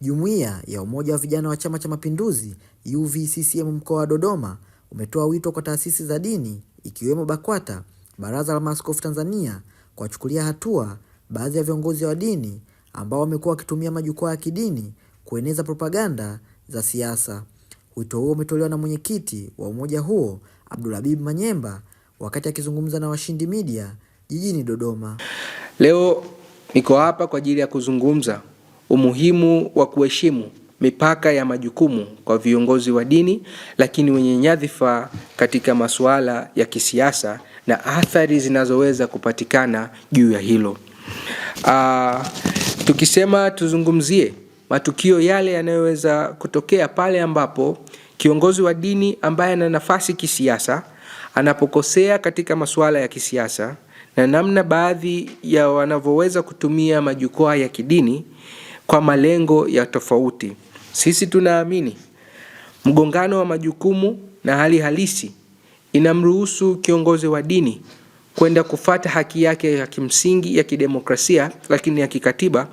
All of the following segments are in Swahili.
Jumuiya ya Umoja wa Vijana wa Chama cha Mapinduzi UVCCM mkoa wa Dodoma umetoa wito kwa taasisi za dini ikiwemo BAKWATA, Baraza la Maaskofu Tanzania kuwachukulia hatua baadhi ya viongozi wa dini ambao wamekuwa wakitumia majukwaa ya kidini kueneza propaganda za siasa. Wito huo umetolewa na mwenyekiti wa umoja huo Abdulhabib Manyemba wakati akizungumza na Washindi Media jijini Dodoma. Leo niko hapa kwa ajili ya kuzungumza umuhimu wa kuheshimu mipaka ya majukumu kwa viongozi wa dini lakini wenye nyadhifa katika masuala ya kisiasa na athari zinazoweza kupatikana juu ya hilo. Aa, ah, tukisema tuzungumzie matukio yale yanayoweza kutokea pale ambapo kiongozi wa dini ambaye ana nafasi kisiasa anapokosea katika masuala ya kisiasa na namna baadhi ya wanavyoweza kutumia majukwaa ya kidini kwa malengo ya tofauti. Sisi tunaamini mgongano wa majukumu na hali halisi inamruhusu kiongozi wa dini kwenda kufata haki yake ya kimsingi ya kidemokrasia, lakini ya kikatiba.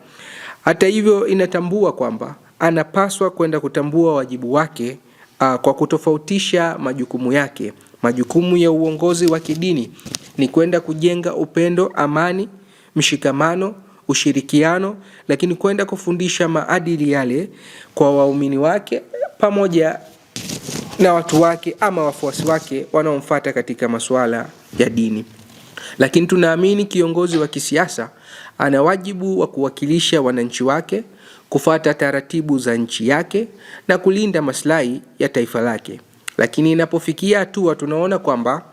Hata hivyo, inatambua kwamba anapaswa kwenda kutambua wajibu wake uh, kwa kutofautisha majukumu yake. Majukumu ya uongozi wa kidini ni kwenda kujenga upendo, amani, mshikamano ushirikiano, lakini kwenda kufundisha maadili yale kwa waumini wake pamoja na watu wake ama wafuasi wake wanaomfuata katika masuala ya dini. Lakini tunaamini kiongozi wa kisiasa ana wajibu wa kuwakilisha wananchi wake, kufuata taratibu za nchi yake na kulinda maslahi ya taifa lake. Lakini inapofikia hatua tunaona kwamba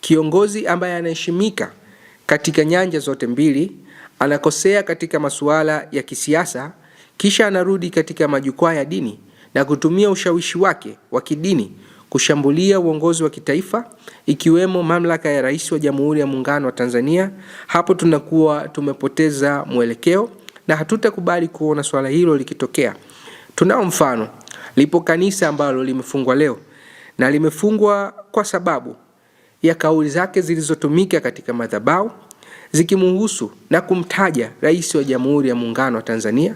kiongozi ambaye anaheshimika katika nyanja zote mbili anakosea katika masuala ya kisiasa, kisha anarudi katika majukwaa ya dini na kutumia ushawishi wake wa kidini kushambulia uongozi wa kitaifa ikiwemo mamlaka ya Rais wa Jamhuri ya Muungano wa Tanzania. Hapo tunakuwa tumepoteza mwelekeo na hatutakubali kuona swala hilo likitokea. Tunao mfano, lipo kanisa ambalo limefungwa leo na limefungwa kwa sababu ya kauli zake zilizotumika katika madhabahu zikimuhusu na kumtaja Rais wa Jamhuri ya Muungano wa Tanzania,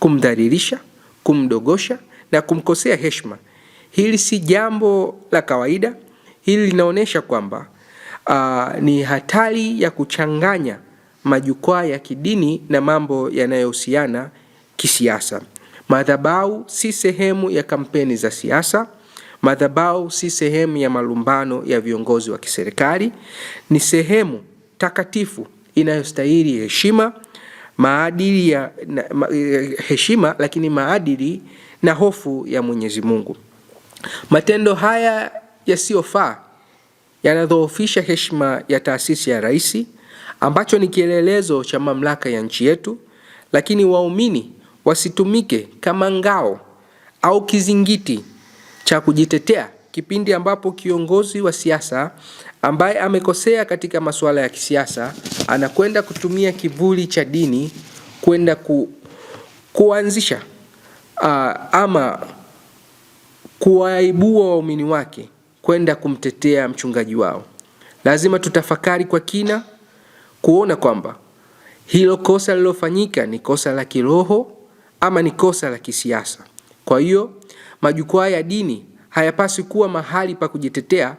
kumdhalilisha, kumdogosha na kumkosea heshima. Hili si jambo la kawaida. Hili linaonyesha kwamba uh, ni hatari ya kuchanganya majukwaa ya kidini na mambo yanayohusiana kisiasa. Madhabahu si sehemu ya kampeni za siasa. Madhabahu si sehemu ya malumbano ya viongozi wa kiserikali, ni sehemu takatifu inayostahili heshima maadili ya ma, eh, heshima lakini maadili na hofu ya Mwenyezi Mungu. Matendo haya yasiyofaa yanadhoofisha heshima ya taasisi ya rais ambacho ni kielelezo cha mamlaka ya nchi yetu, lakini waumini wasitumike kama ngao au kizingiti cha kujitetea kipindi ambapo kiongozi wa siasa ambaye amekosea katika masuala ya kisiasa anakwenda kutumia kivuli cha dini kwenda ku, kuanzisha uh, ama kuwaibua waumini wake kwenda kumtetea mchungaji wao. Lazima tutafakari kwa kina kuona kwamba hilo kosa lilofanyika ni kosa la kiroho ama ni kosa la kisiasa. Kwa hiyo majukwaa ya dini hayapaswi kuwa mahali pa kujitetea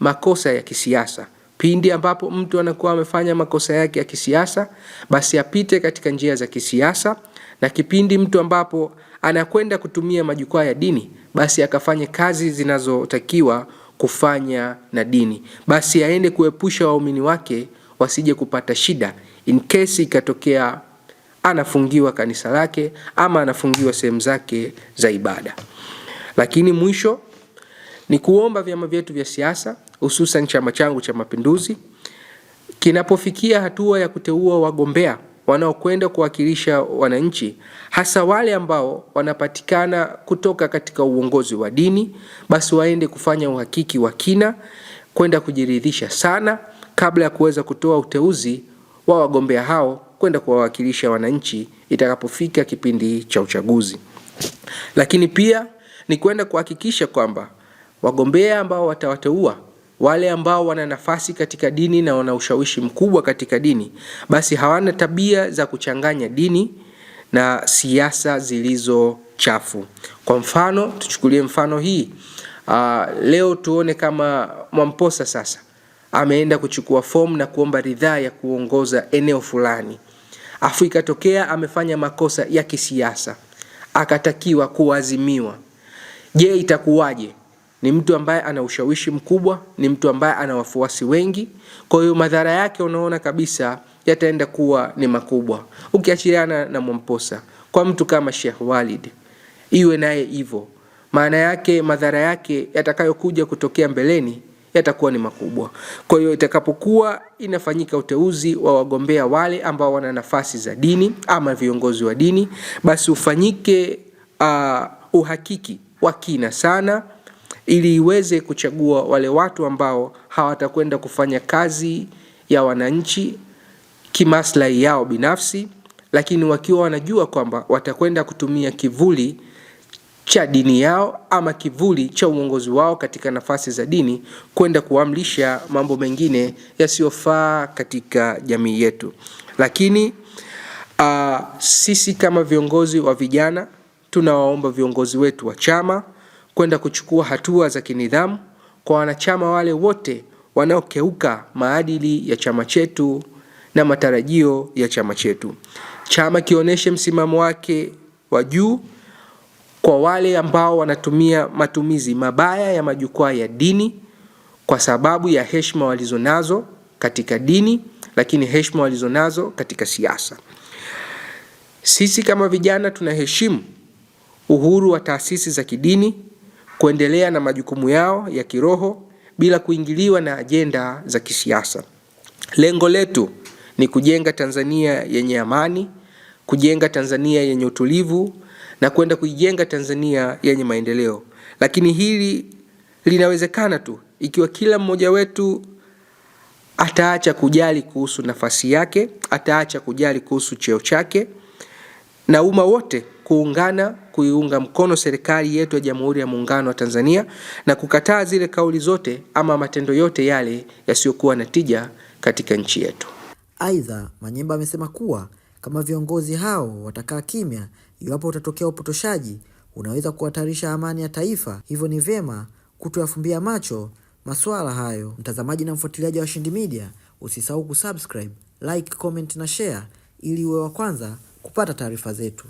makosa ya kisiasa. Pindi ambapo mtu anakuwa amefanya makosa yake ya kisiasa, basi apite katika njia za kisiasa, na kipindi mtu ambapo anakwenda kutumia majukwaa ya dini, basi akafanye kazi zinazotakiwa kufanya na dini, basi aende kuepusha waumini wake wasije kupata shida in case ikatokea anafungiwa kanisa lake ama anafungiwa sehemu zake za ibada. Lakini mwisho ni kuomba vyama vyetu vya siasa hususan chama changu cha Mapinduzi kinapofikia hatua ya kuteua wagombea wanaokwenda kuwakilisha wananchi, hasa wale ambao wanapatikana kutoka katika uongozi wa dini, basi waende kufanya uhakiki wa kina, kwenda kujiridhisha sana kabla ya kuweza kutoa uteuzi wa wagombea hao kwenda kuwawakilisha wananchi itakapofika kipindi cha uchaguzi. Lakini pia ni kwenda kuhakikisha kwamba Wagombea ambao watawateua wale ambao wana nafasi katika dini na wana ushawishi mkubwa katika dini, basi hawana tabia za kuchanganya dini na siasa zilizo chafu. Kwa mfano, tuchukulie mfano hii aa, ah, leo tuone kama Mwamposa sasa ameenda kuchukua fomu na kuomba ridhaa ya kuongoza eneo fulani, afu ikatokea amefanya makosa ya kisiasa akatakiwa kuazimiwa. Je, itakuwaje? ni mtu ambaye ana ushawishi mkubwa, ni mtu ambaye ana wafuasi wengi. Kwa hiyo madhara yake unaona kabisa yataenda kuwa ni makubwa, ukiachiliana na Mwamposa kwa mtu kama Sheikh Walid, iwe naye hivyo. Maana yake madhara yake yatakayokuja kutokea mbeleni yatakuwa ni makubwa. Kwa hiyo itakapokuwa inafanyika uteuzi wa wagombea wale ambao wana nafasi za dini ama viongozi wa dini, basi ufanyike uh, uhakiki wa kina sana ili iweze kuchagua wale watu ambao hawatakwenda kufanya kazi ya wananchi kimaslahi yao binafsi, lakini wakiwa wanajua kwamba watakwenda kutumia kivuli cha dini yao ama kivuli cha uongozi wao katika nafasi za dini kwenda kuamlisha mambo mengine yasiyofaa katika jamii yetu. Lakini uh, sisi kama viongozi wa vijana tunawaomba viongozi wetu wa chama kwenda kuchukua hatua za kinidhamu kwa wanachama wale wote wanaokeuka maadili ya chama chetu na matarajio ya chama chetu. Chama kionyeshe msimamo wake wa juu kwa wale ambao wanatumia matumizi mabaya ya majukwaa ya dini kwa sababu ya heshima walizonazo katika dini, lakini heshima walizonazo katika siasa. Sisi kama vijana tunaheshimu uhuru wa taasisi za kidini kuendelea na majukumu yao ya kiroho bila kuingiliwa na ajenda za kisiasa. Lengo letu ni kujenga Tanzania yenye amani, kujenga Tanzania yenye utulivu na kwenda kuijenga Tanzania yenye maendeleo. Lakini hili linawezekana tu ikiwa kila mmoja wetu ataacha kujali kuhusu nafasi yake, ataacha kujali kuhusu cheo chake na umma wote kuungana kuiunga mkono serikali yetu ya Jamhuri ya Muungano wa Tanzania na kukataa zile kauli zote ama matendo yote yale yasiyokuwa na tija katika nchi yetu. Aidha, Manyemba amesema kuwa kama viongozi hao watakaa kimya, iwapo utatokea upotoshaji unaweza kuhatarisha amani ya taifa, hivyo ni vyema kutoyafumbia macho masuala hayo. Mtazamaji na mfuatiliaji wa Washindi Media, usisahau kusubscribe, like, comment na share ili uwe wa kwanza kupata taarifa zetu.